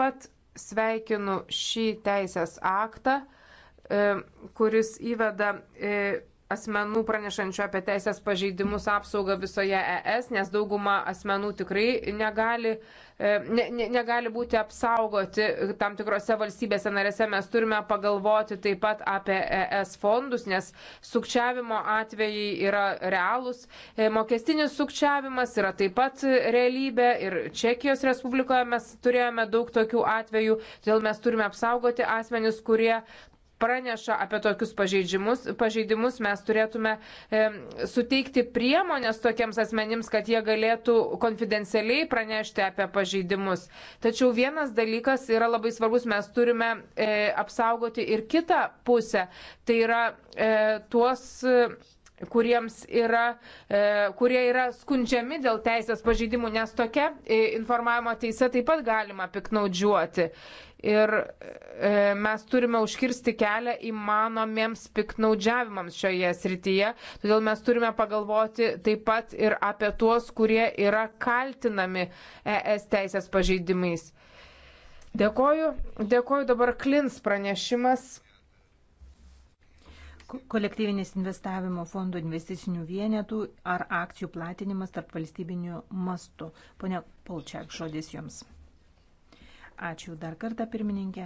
pat sveikinu šį teisės aktą, e, kuris įveda e, asmenų pranešančių apie teisės pažeidimus apsaugą visoje ES, nes dauguma asmenų tikrai negali, e, ne, ne, negali būti apsaugoti tam tikrose valstybėse narėse. Mes turime pagalvoti taip pat apie ES fondus, nes sukčiavimo atvejai yra realūs. E, mokestinis sukčiavimas yra taip pat realybė ir Čekijos Respublikoje mes turėjome daug tokių atvejų, todėl mes turime apsaugoti asmenis, kurie praneša apie tokius pažeidimus, pažeidimus mes turėtume e, suteikti priemonės tokiems asmenims, kad jie galėtų konfidencialiai pranešti apie pažeidimus. Tačiau vienas dalykas yra labai svarbus, mes turime e, apsaugoti ir kitą pusę. Tai yra e, tuos. E, kuriems yra, e, kurie yra skundžiami dėl teisės pažeidimų, nes tokia e, informavimo teise taip pat galima piknaudžiuoti ir e, mes turime užkirsti kelią įmanomiems piknaudžiavimams šioje srityje. Todėl mes turime pagalvoti taip pat ir apie tuos, kurie yra kaltinami ES teisės pažeidimais. Dėkoju. Dėkoju dabar Klins pranešimas. Kolektyvinis investavimo fondų investicinių vienetų ar akcijų platinimas tarp valstybinių mastų. Pone Polčiak, žodis jums. Ačiū dar kartą, pirmininkė.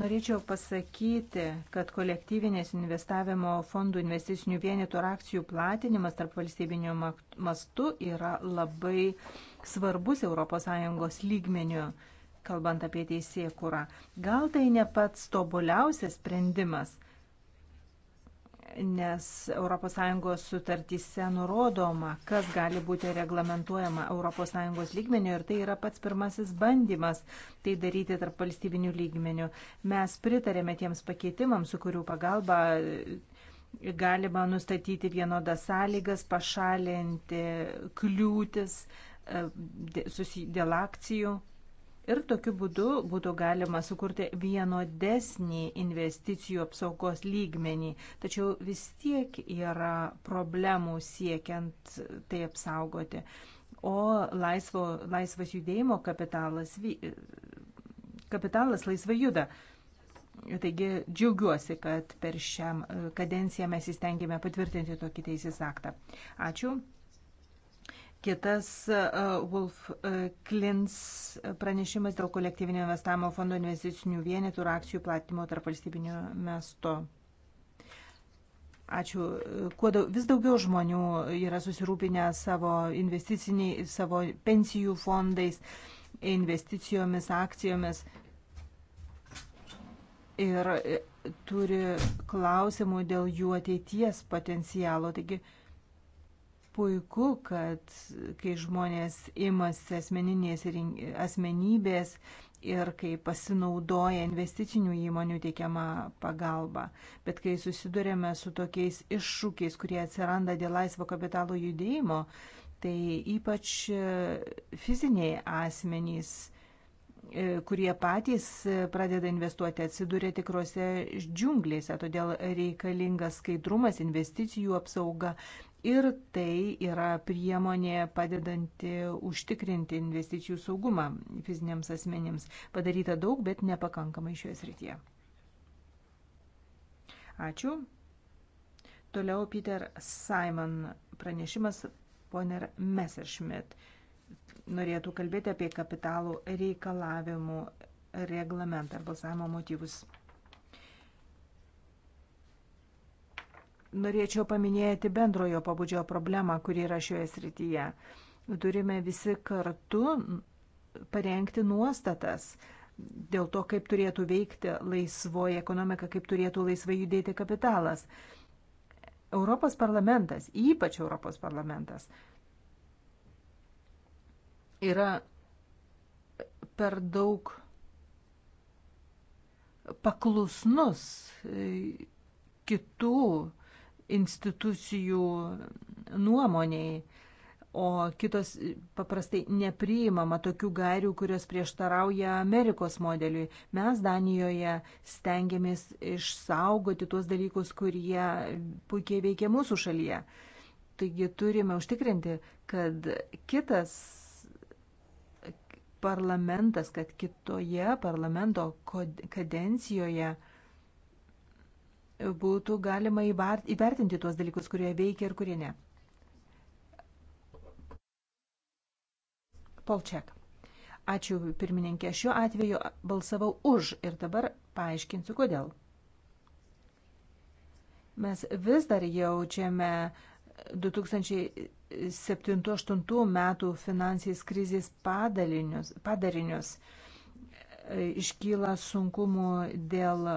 Norėčiau pasakyti, kad kolektyvinės investavimo fondų investicinių vienetų ir akcijų platinimas tarp valstybinio mastu yra labai svarbus ES lygmeniu, kalbant apie teisėkurą. Gal tai ne pats tobuliausias sprendimas – nes ES sutartyse nurodoma, kas gali būti reglamentuojama ES lygmeniu ir tai yra pats pirmasis bandymas tai daryti tarp valstybinių lygmenių. Mes pritarėme tiems pakeitimams, su kurių pagalba galima nustatyti vienodas sąlygas, pašalinti kliūtis e, dėl akcijų Ir tokiu būdu būtų galima sukurti vienodesnį investicijų apsaugos lygmenį. Tačiau vis tiek yra problemų siekiant tai apsaugoti. O laisvo, laisvas judėjimo kapitalas, kapitalas laisvai juda. Taigi džiaugiuosi, kad per šią kadenciją mes įstengėme patvirtinti tokį teisės aktą. Ačiū. Kitas e, Wolf e, Klins pranešimas dėl kolektyvinio investavimo fondo investicinių vienetų ir akcijų platimo tarp valstybinio mesto. Ačiū. Kuo daug, vis daugiau žmonių yra susirūpinę savo investiciniai, savo pensijų fondais, investicijomis, akcijomis. Ir e, turi klausimų dėl jų ateities potencialo. Taigi, uh, puiku, kad kai žmonės imasi asmeninės asmenybės ir kai pasinaudoja investicinių įmonių teikiama pagalba. Bet kai susidurėme su tokiais iššūkiais, kurie atsiranda dėl laisvo kapitalo judėjimo, tai ypač e, fiziniai asmenys e, kurie patys e, pradeda investuoti, atsiduria tikrose džiunglėse. Todėl reikalingas skaidrumas, investicijų apsauga ir tai yra priemonė padedanti užtikrinti investicijų saugumą fiziniams asmenims. Padaryta daug, bet nepakankamai šioje srityje. Ačiū. Toliau Peter Simon pranešimas poner Messerschmidt norėtų kalbėti apie kapitalų reikalavimų reglamentą ar balsavimo motyvus. norėčiau paminėti bendrojo pabudžio problemą, kuri yra šioje srityje. Turime visi kartu parengti nuostatas dėl to, kaip turėtų veikti laisvoji ekonomika, kaip turėtų laisvai judėti kapitalas. Europos parlamentas, ypač Europos parlamentas, yra per daug paklusnus kitų institucijų nuomoniai, o kitos paprastai nepriimama tokių gairių, kurios prieštarauja Amerikos modeliui. Mes Danijoje stengiamės išsaugoti tuos dalykus, kurie puikiai veikia mūsų šalyje. Taigi turime užtikrinti, kad kitas parlamentas, kad kitoje parlamento kadencijoje būtų galima įvertinti tuos dalykus, kurie veikia ir kurie ne. Polčiak. Ačiū pirmininkė. Šiuo atveju balsavau už ir dabar paaiškinsiu, kodėl. Mes vis dar jaučiame 2007-2008 metų finansijos krizės padarinius. padarinius. Iškyla sunkumų dėl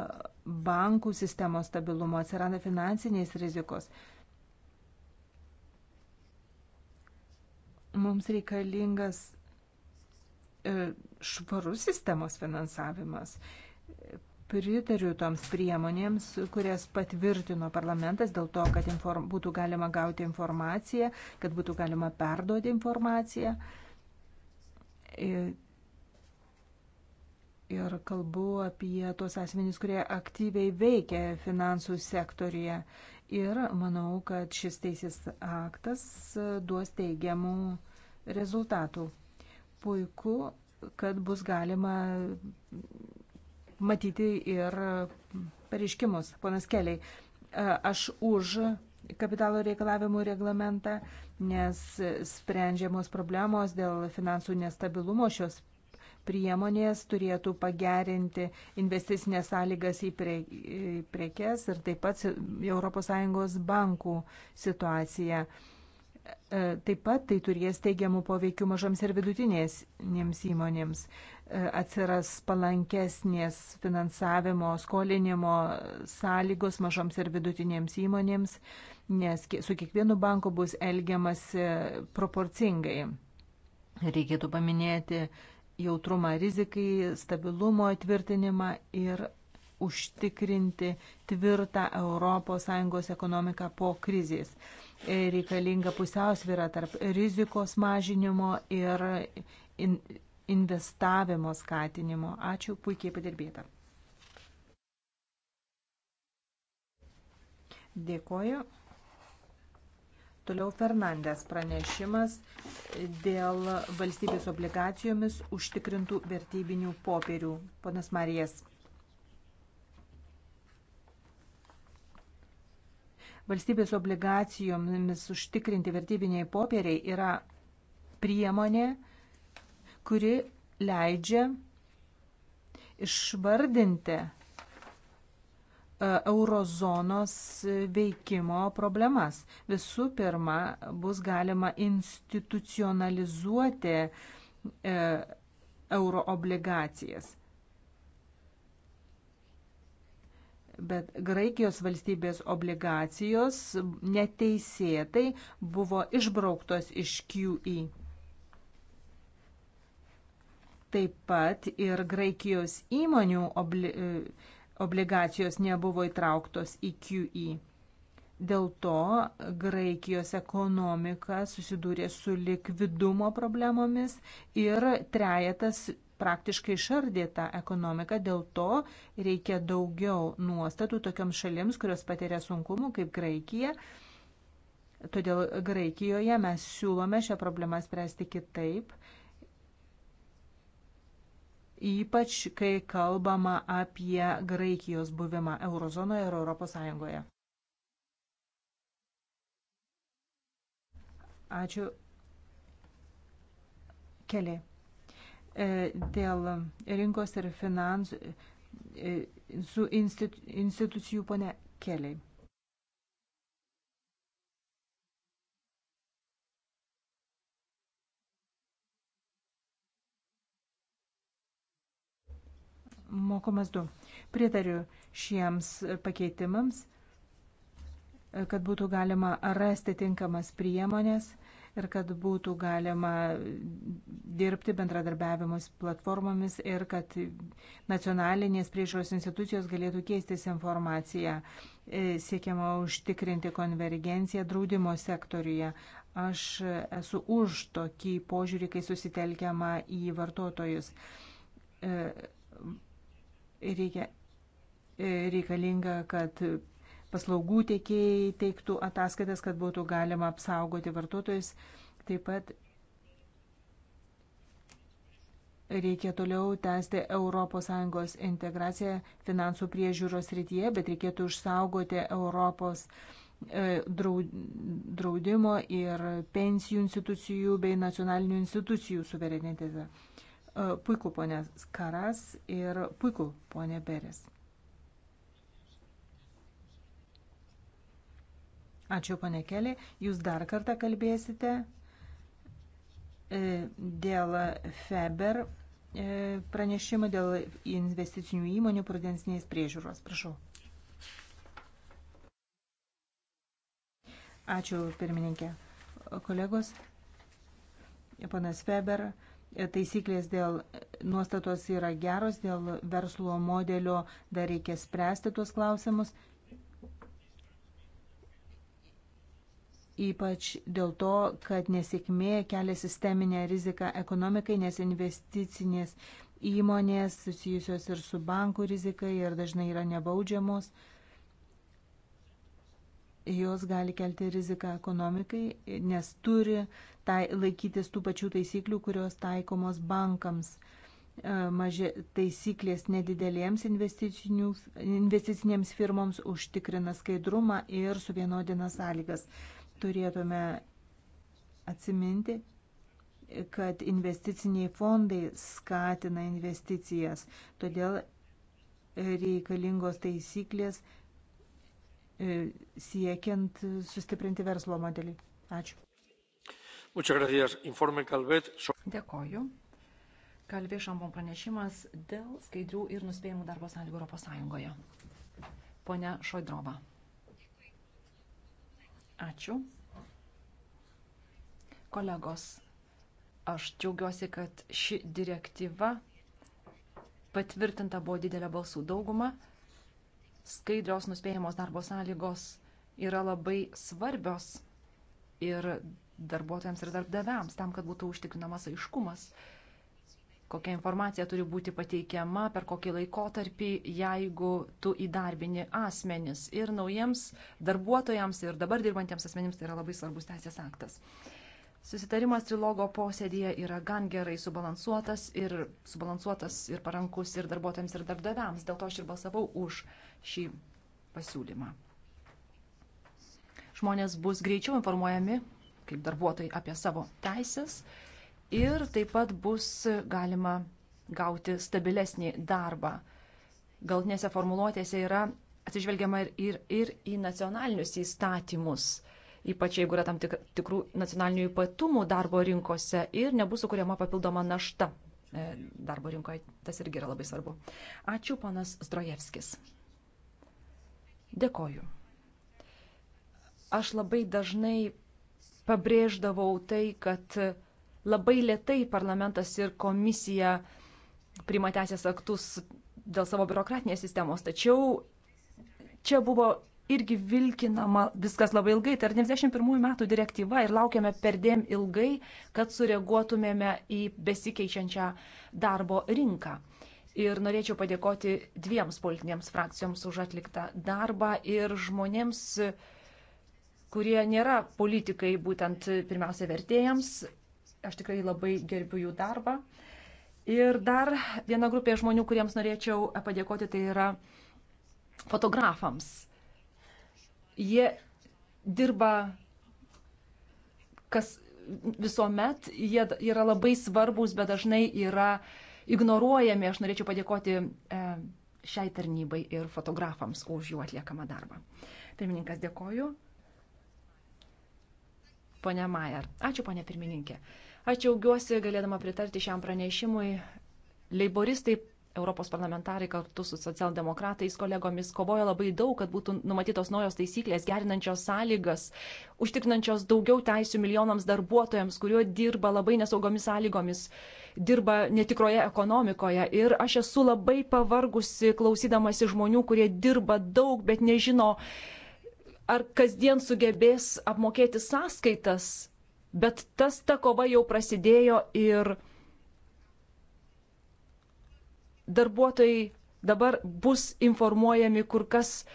bankų sistemos stabilumo, atsiranda finansinės rizikos. Mums reikalingas e, švarus sistemos finansavimas. Pritariu toms priemonėms, kurias patvirtino parlamentas dėl to, kad inform, būtų galima gauti informaciją, kad būtų galima perduoti informaciją e, ir kalbu apie tuos asmenys, kurie aktyviai veikia finansų sektorija. Ir manau, kad šis teisės aktas duos teigiamų rezultatų. Puiku, kad bus galima matyti ir pareiškimus. Ponas Keliai, aš už kapitalo reikalavimų reglamentą, nes sprendžiamos problemos dėl finansų nestabilumo šios priemonės turėtų pagerinti investicinės sąlygas į prekes ir taip pat ES bankų situaciją. E, taip pat tai turės teigiamų poveikių mažoms ir vidutinėms įmonėms. E, atsiras palankesnės finansavimo, skolinimo sąlygos mažoms ir vidutinėms įmonėms, nes su kiekvienu banku bus elgiamasi proporcingai. Reikėtų paminėti jautrumą rizikai, stabilumo tvirtinimą ir užtikrinti tvirtą ES ekonomiką po krizės. E, reikalinga pusiausvyrą tarp rizikos mažinimo ir in investavimo skatinimo. Ačiū, puikiai padirbėta. Dėkoju. Toliau Fernandės pranešimas dėl valstybės obligacijomis užtikrintų vertybinių popierių. Ponas Marijas. Valstybės obligacijomis užtikrinti vertybiniai popieriai yra priemonė, kuri leidžia išvardinti E, eurozonos veikimo problemas. Visų pirma, bus galima institucionalizuoti e, euroobligacijas. Bet Graikijos valstybės obligacijos neteisėtai buvo išbrauktos iš QE. Taip pat ir Graikijos įmonių obligacijos obligacijos nebuvo įtrauktos į QE. Dėl to Graikijos ekonomika susidūrė su likvidumo problemomis ir trejetas praktiškai išardė tą ekonomiką, dėl to reikia daugiau nuostatų tokiams šalims, kurios patiria sunkumų, kaip Graikija. Todėl Graikijoje mes siūlome šią problemą spręsti kitaip ypač kai kalbama apie Graikijos buvimą Eurozonoje ir Europos Sąjungoje. Ačiū. Keli. E, dėl rinkos ir finansų e, institucijų, ponė Keliai. mokomas du. Pritariu šiems pakeitimams, kad būtų galima rasti tinkamas priemonės ir kad būtų galima dirbti bendradarbiavimus platformomis ir kad nacionalinės priežiūros institucijos galėtų keistis informaciją. E, siekiama užtikrinti konvergenciją draudimo sektoriuje. Aš esu už tokį požiūrį, kai susitelkiama į vartotojus e, Reikia, e, reikalinga, kad paslaugų teikėjai teiktų ataskaitas, kad būtų galima apsaugoti vartotojus. Taip pat reikia toliau tęsti ES integraciją finansų priežiūros rytyje, bet reikėtų išsaugoti Europos e, draudimo ir pensijų institucijų bei nacionalinių institucijų suverenitetą. E, puiku, ponė Karas ir puiku, ponė Beris. Ačiū, ponė Kelė. Jūs dar kartą kalbėsite e, dėl FEBER e, pranešimo dėl investicinių įmonių prudensinės priežiūros. Prašau. Ačiū, pirmininkė. Kolegos, ponas Feber taisyklės dėl nuostatos yra geros, dėl verslo modelio dar reikia spręsti tuos klausimus. Ypač dėl to, kad nesėkmė kelia sisteminę riziką ekonomikai, nes investicinės įmonės susijusios ir su bankų rizika ir dažnai yra nebaudžiamos jos gali kelti riziką ekonomikai, nes turi tai, laikytis tų pačių taisyklių, kurios taikomos bankams. E, maži taisyklės nedidelėms investicinėms firmoms užtikrina skaidrumą ir suvienodina sąlygas. Turėtume atsiminti, kad investiciniai fondai skatina investicijas, todėl reikalingos taisyklės E, siekiant sustiprinti verslo modelį. Ačiū. Dėkoju. Kalvė Šambon pranešimas dėl skaidrių ir nuspėjimų darbo sąlygų Europos Sąjungoje. Pone Šoidrova. Ačiū. Kolegos, aš džiaugiuosi, kad ši direktyva patvirtinta buvo didelė balsų dauguma skaidrios nuspėjamos darbo sąlygos yra labai svarbios ir darbuotojams ir darbdaviams, tam, kad būtų užtikrinamas aiškumas, kokia informacija turi būti pateikiama, per kokį laikotarpį, jeigu tu įdarbini asmenis. Ir naujiems darbuotojams ir dabar dirbantiems asmenims tai yra labai svarbus teisės aktas. Uh, Susitarimas trilogo posėdėje yra gan gerai subalansuotas ir subalansuotas ir parankus ir darbuotojams ir darbdaviams. Dėl to aš ir balsavau už šį pasiūlymą. Žmonės bus greičiau informuojami, kaip darbuotojai, apie savo teisės ir taip pat bus galima gauti stabilesnį darbą. Galtinėse formuluotėse yra atsižvelgiama ir, ir, ir į nacionalinius įstatymus. Uh, ypač jeigu yra tam tik, tikrų nacionalinių ypatumų darbo rinkose ir nebus sukuriama papildoma našta e, darbo rinkoje. Tas irgi yra labai svarbu. Ačiū, ponas Zdrojevskis. Dėkoju. Aš labai dažnai pabrėždavau tai, kad labai lietai parlamentas ir komisija priima teisės aktus dėl savo biurokratinės sistemos, tačiau čia buvo irgi vilkinama viskas labai ilgai. Tai yra 91 metų direktyva ir laukiame perdėm ilgai, kad sureaguotumėme į besikeičiančią darbo rinką. Ir norėčiau padėkoti dviems politinėms frakcijoms už atliktą darbą ir žmonėms, kurie nėra politikai, būtent pirmiausia vertėjams. Aš tikrai labai gerbiu jų darbą. Ir dar viena grupė žmonių, kuriems norėčiau padėkoti, tai yra fotografams Jie dirba kas visuomet, jie yra labai svarbus, bet dažnai yra ignoruojami. Aš norėčiau padėkoti e, šiai tarnybai ir fotografams už jų atliekamą darbą. Pirmininkas, dėkoju. Pone Majer. Ačiū, pone pirmininkė. Aš džiaugiuosi galėdama pritarti šiam pranešimui. Leiboristai Europos parlamentarai kartu su socialdemokratais kolegomis kovojo labai daug, kad būtų numatytos naujos taisyklės, gerinančios sąlygas, užtikrinančios daugiau teisų milijonams darbuotojams, kurio dirba labai nesaugomis sąlygomis, dirba netikroje ekonomikoje. Ir aš esu labai pavargusi klausydamasi žmonių, kurie dirba daug, bet nežino, ar kasdien sugebės apmokėti sąskaitas. Bet tas ta kova jau prasidėjo ir darbuotojai dabar bus informuojami kur kas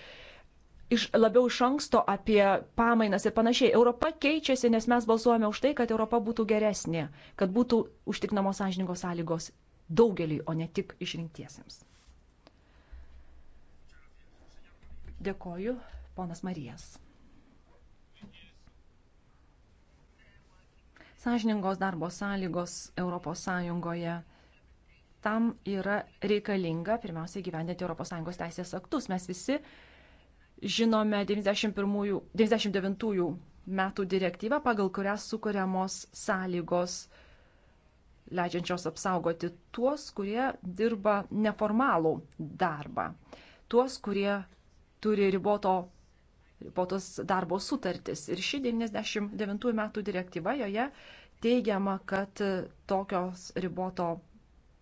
iš, labiau iš anksto apie pamainas ir panašiai. Europa keičiasi, nes mes balsuojame už tai, kad Europa būtų geresnė, kad būtų užtikrinamos sąžiningos sąlygos daugeliui, o ne tik išrinktiesiems. Dėkoju, ponas Marijas. Sąžiningos darbo sąlygos Europos Sąjungoje tam yra reikalinga pirmiausia gyvendinti ES teisės aktus. Mes visi žinome 91, 99 metų direktyvą, pagal kurią sukuriamos sąlygos leidžiančios apsaugoti tuos, kurie dirba neformalų darbą, tuos, kurie turi riboto, ribotos darbo sutartis. Ir ši 99 metų direktyva joje teigiama, kad tokios riboto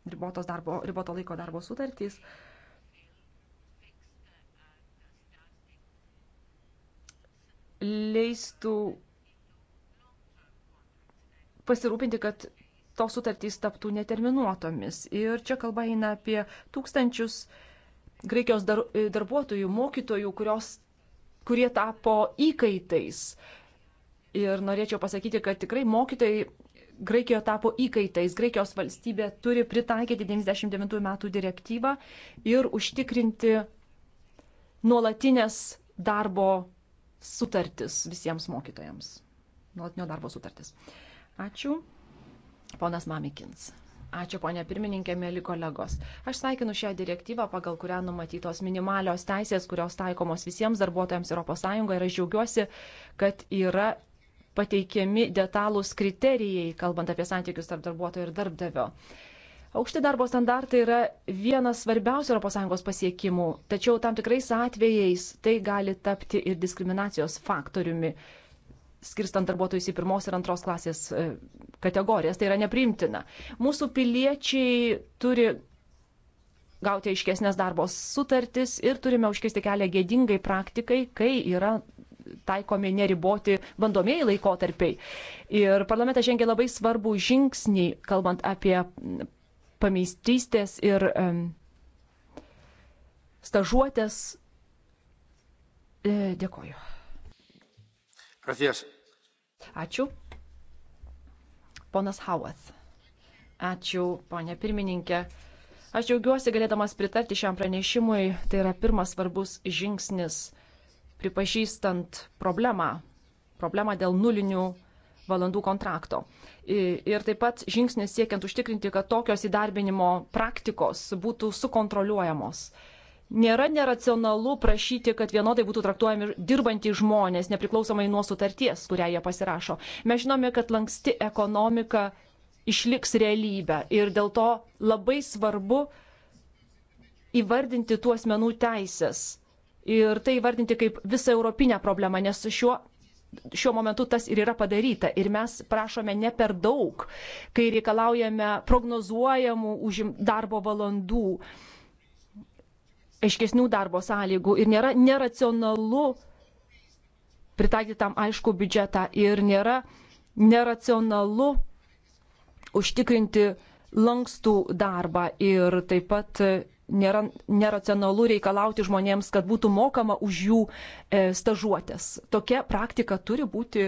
ribotos darbo, riboto laiko darbo sutartys. leistų pasirūpinti, kad tos sutartys taptų neterminuotomis. Ir čia kalba eina apie tūkstančius Graikijos dar, darbuotojų, mokytojų, kurios, kurie tapo įkaitais. Ir norėčiau pasakyti, kad tikrai mokytojai Graikijoje tapo įkaitais. Graikijos valstybė turi pritaikyti 99 metų direktyvą ir užtikrinti nuolatinės darbo sutartis visiems mokytojams. Nuolatinio darbo sutartis. Ačiū. Ponas Mamikins. Ačiū, ponė pirmininkė, mėly kolegos. Aš sveikinu šią direktyvą, pagal kurią numatytos minimalios teisės, kurios taikomos visiems darbuotojams ES ir aš džiaugiuosi, kad yra pateikiami detalūs kriterijai, kalbant apie santykius tarp darbuotojo ir darbdavio. Aukšti darbo standartai yra vienas svarbiausių ES pasiekimų, tačiau tam tikrais atvejais tai gali tapti ir diskriminacijos faktoriumi, skirstant darbuotojus į pirmos ir antros klasės e, kategorijas. Tai yra nepriimtina. Mūsų piliečiai turi gauti aiškesnės darbo sutartis ir turime užkisti kelią gėdingai praktikai, kai yra taikomi neriboti bandomieji laikotarpiai. Ir parlamentas žengė labai svarbų žingsnį, kalbant apie pameistrystės ir um, stažuotės. E, dėkoju. Gracias. Ačiū. Ponas Hauas. Ačiū, ponė pirmininkė. Aš džiaugiuosi galėdamas pritarti šiam pranešimui. Tai yra pirmas svarbus žingsnis pripažįstant problemą, problemą dėl nulinių valandų kontrakto. Ir taip pat žingsnis siekiant užtikrinti, kad tokios įdarbinimo praktikos būtų sukontroliuojamos. Nėra neracionalu prašyti, kad vienodai būtų traktuojami dirbantys žmonės, nepriklausomai nuo sutarties, kurią jie pasirašo. Mes žinome, kad lanksti ekonomika išliks realybę ir dėl to labai svarbu įvardinti tuos menų teisės ir tai vardinti kaip visą europinę problemą, nes šiuo šiuo momentu tas ir yra padaryta. Ir mes prašome ne per daug, kai reikalaujame prognozuojamų užim darbo valandų, aiškesnių darbo sąlygų. Ir nėra neracionalu pritaikyti tam aišku biudžetą. Ir nėra neracionalu užtikrinti lankstų darbą ir taip pat nėra neracionalu reikalauti žmonėms, kad būtų mokama už jų e, stažuotės. Tokia praktika turi būti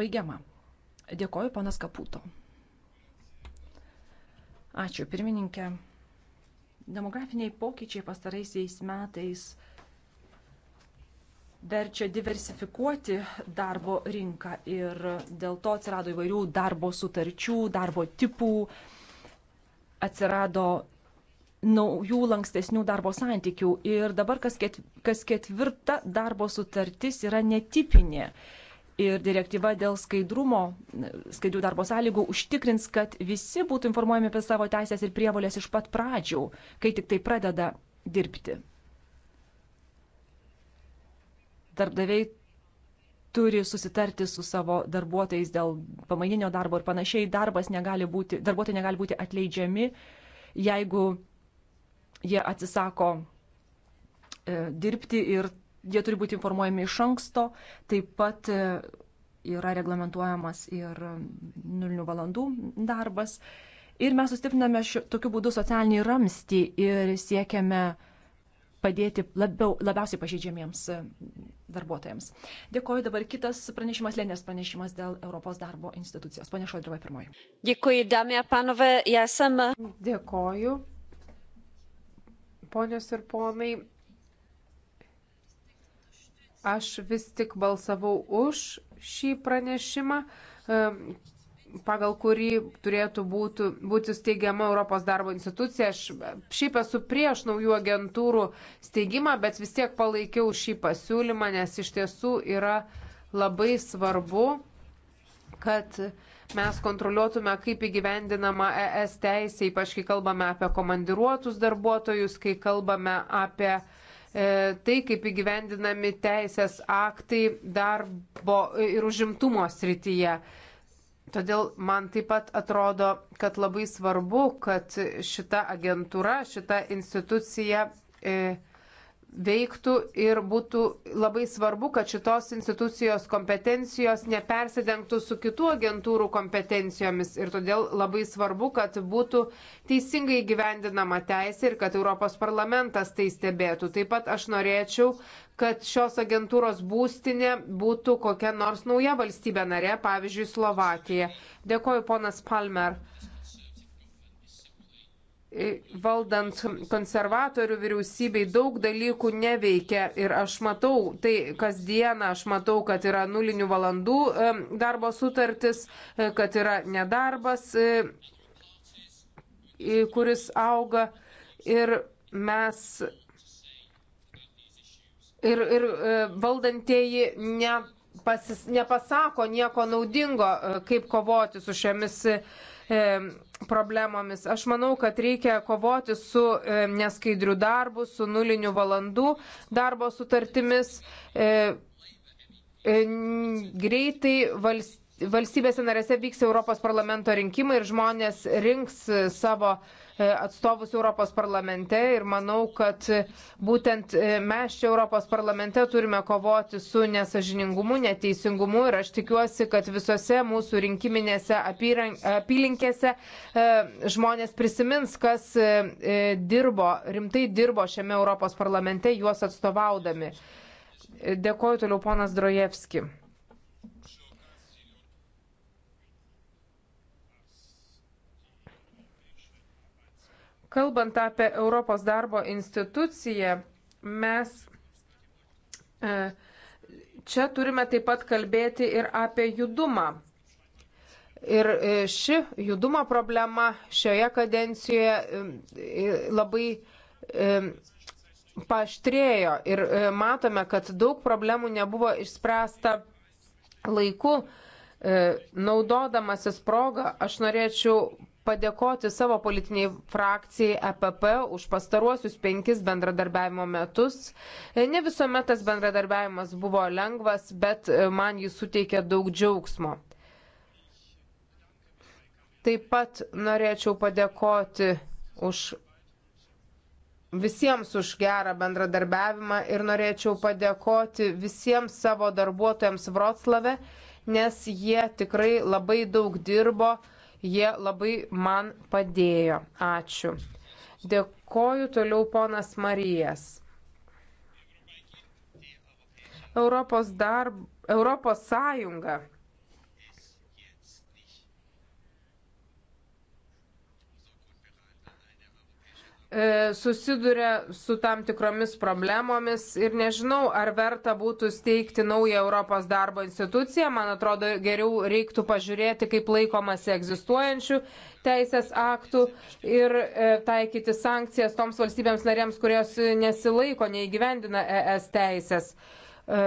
baigiama. Dėkoju, panas Kaputo. Ačiū, pirmininkė. Demografiniai pokyčiai pastaraisiais metais verčia diversifikuoti darbo rinką ir dėl to atsirado įvairių darbo sutarčių, darbo tipų, atsirado naujų lankstesnių darbo santykių. Ir dabar kas, ket, kas ketvirta darbo sutartis yra netipinė. Ir direktyva dėl skaidrumo, skaidrių darbo sąlygų užtikrins, kad visi būtų informuojami apie savo teisės ir prievolės iš pat pradžių, kai tik tai pradeda dirbti. Darbdaviai turi susitarti su savo darbuotojais dėl pamaininio darbo ir panašiai. Darbas negali būti, darbuotojai negali būti atleidžiami, jeigu jie atsisako e, dirbti ir jie turi būti informuojami iš anksto. Taip pat e, yra reglamentuojamas ir nulinių valandų darbas. Ir mes sustipriname šiu, tokiu būdu socialinį ramstį ir siekiame padėti labiau, labiausiai pažeidžiamiems e, darbuotojams. Dėkoju. Dabar kitas pranešimas, Lenės pranešimas dėl Europos darbo institucijos. Pane Šodrovai, pirmoji. Dėkoju, damė, panove, esame. Dėkoju. Ponios ir ponai, aš vis tik balsavau už šį pranešimą, pagal kurį turėtų būtų, būti steigiama Europos darbo institucija. Aš šiaip esu prieš naujų agentūrų steigimą, bet vis tiek palaikiau šį pasiūlymą, nes iš tiesų yra labai svarbu, kad uh, mes kontroliuotume, kaip įgyvendinama ES teisė, ypač kai kalbame apie komandiruotus darbuotojus, kai kalbame apie e, tai, kaip įgyvendinami teisės aktai darbo ir užimtumo srityje. Todėl man taip pat atrodo, kad labai svarbu, kad šita agentūra, šita institucija e, veiktų ir būtų labai svarbu, kad šitos institucijos kompetencijos nepersidengtų su kitų agentūrų kompetencijomis ir todėl labai svarbu, kad būtų teisingai gyvendinama teisė ir kad Europos parlamentas tai stebėtų. Taip pat aš norėčiau, kad šios agentūros būstinė būtų kokia nors nauja valstybė narė, pavyzdžiui, Slovakija. Dėkoju, ponas Palmer valdant konservatorių vyriausybei daug dalykų neveikia ir aš matau tai kasdieną, aš matau, kad yra nulinių valandų e, darbo sutartis, e, kad yra nedarbas, e, kuris auga ir mes ir, ir valdantieji ne, pasis, nepasako nieko naudingo, kaip kovoti su šiomis problemomis. Aš manau, kad reikia kovoti su e, neskaidriu darbu, su nuliniu valandų darbo sutartimis. E, e, greitai valstybė valstybėse narėse vyks Europos parlamento rinkimai ir žmonės rinks e, savo e, atstovus Europos parlamente ir manau, kad e, būtent mes čia Europos parlamente turime kovoti su nesažiningumu, neteisingumu ir aš tikiuosi, kad visose mūsų rinkiminėse apylinkėse žmonės prisimins, kas dirbo, rimtai dirbo šiame Europos parlamente juos atstovaudami. Dėkoju toliau ponas Drojevski. Kalbant apie Europos darbo instituciją, mes e, čia turime taip pat kalbėti ir apie judumą. Ir e, ši judumo problema šioje kadencijoje e, labai paštrėjo ir matome, kad daug problemų nebuvo išspręsta laiku. Naudodamasis progą, aš norėčiau padėkoti savo politiniai frakcijai EPP už pastaruosius penkis bendradarbiavimo metus. Ne visuomet tas bendradarbiavimas buvo lengvas, bet man jis suteikė daug džiaugsmo. Taip pat norėčiau padėkoti už visiems už gerą bendradarbiavimą ir norėčiau padėkoti visiems savo darbuotojams Vroclave, nes jie tikrai labai daug dirbo Jie labai man padėjo. Ačiū. Dėkoju toliau ponas Marijas. Europos, darb... Europos Sąjunga E, susiduria su tam tikromis problemomis ir nežinau, ar verta būtų steigti naują Europos darbo instituciją. Man atrodo, geriau reiktų pažiūrėti, kaip laikomasi egzistuojančių teisės aktų ir e, taikyti sankcijas toms valstybėms narėms, kurios nesilaiko, neįgyvendina ES teisės. E,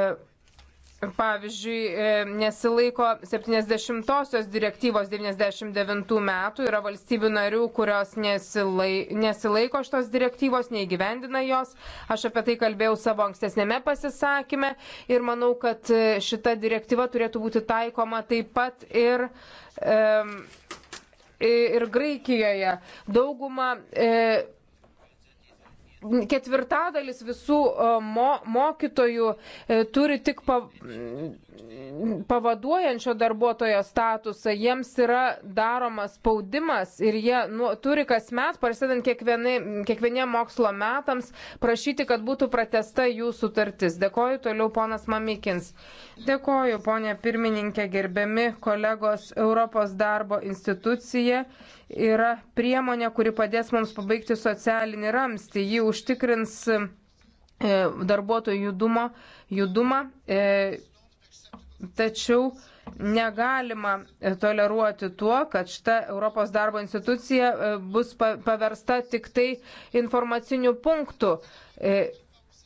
pavyzdžiui, e, nesilaiko 70-osios direktyvos 99 metų, yra valstybių narių, kurios nesilai, nesilaiko šitos direktyvos, neįgyvendina jos. Aš apie tai kalbėjau savo ankstesnėme pasisakyme ir manau, kad e, šita direktyva turėtų būti taikoma taip pat ir. Um, Ir Graikijoje dauguma e, ketvirtadalis visų e, mo, mokytojų e, turi tik pa, pavaduojančio darbuotojo statusą, jiems yra daromas spaudimas ir jie nu, turi kasmet, prasidant kiekvieniem mokslo metams, prašyti, kad būtų pratesta jų sutartis. Dėkoju toliau ponas Mamikins. Dėkoju ponė pirmininkė, gerbiami kolegos Europos darbo institucija yra priemonė, kuri padės mums pabaigti socialinį ramstį. Ji užtikrins e, darbuotojų judumo, judumą, e, tačiau negalima e, toleruoti tuo, kad šita Europos darbo institucija bus paversta tik tai informacinių punktų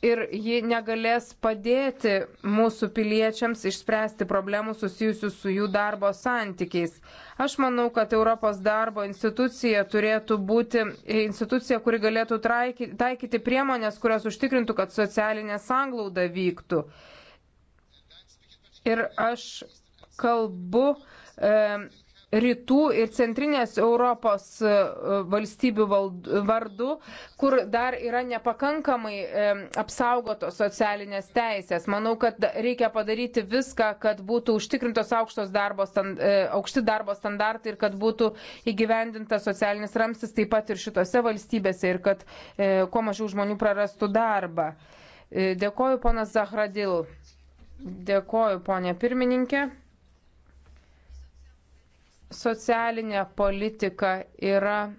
ir ji negalės padėti mūsų piliečiams išspręsti problemų susijusių su jų darbo santykiais. Aš manau, kad Europos darbo institucija turėtų būti institucija, kuri galėtų taikyti priemonės, kurios užtikrintų, kad socialinė sanglauda vyktų. Ir aš kalbu. E, rytų ir centrinės Europos e, valstybių vardu, kur dar yra nepakankamai e, apsaugotos socialinės teisės. Manau, kad reikia padaryti viską, kad būtų užtikrintos darbo stand, e, aukšti darbo standartai ir kad būtų įgyvendintas socialinis ramstis taip pat ir šitose valstybėse ir kad kuo mažiau žmonių prarastų darbą. Dėkoju, ponas Zahradil. Dėkoju, ponė pirmininkė socialinė politika yra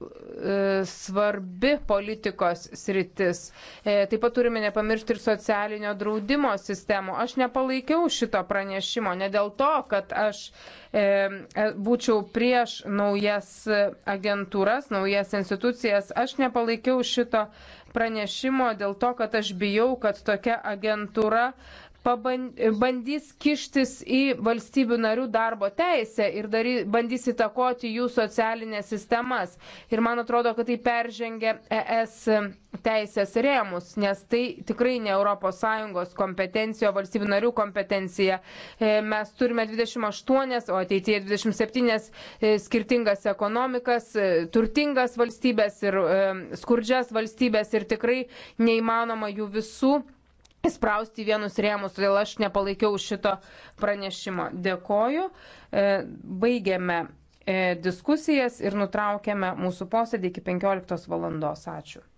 e, svarbi politikos sritis. E, taip pat turime nepamiršti ir socialinio draudimo sistemų. Aš nepalaikiau šito pranešimo ne dėl to, kad aš e, būčiau prieš naujas agentūras, naujas institucijas. Aš nepalaikiau šito pranešimo dėl to, kad aš bijau, kad tokia agentūra bandys kištis į valstybių narių darbo teisę ir dary, bandys įtakoti jų socialinės sistemas. Ir man atrodo, kad tai peržengia ES teisės rėmus, nes tai tikrai ne ES kompetencija, o valstybių narių kompetencija. E, mes turime 28, o ateityje 27 e, skirtingas ekonomikas, e, turtingas valstybės ir skurdžias valstybės ir tikrai neįmanoma jų visų įsprausti vienus rėmus, todėl aš nepalaikiau šito pranešimo. Dėkoju. E, baigiame e, diskusijas ir nutraukėme mūsų posėdį iki 15 valandos. Ačiū.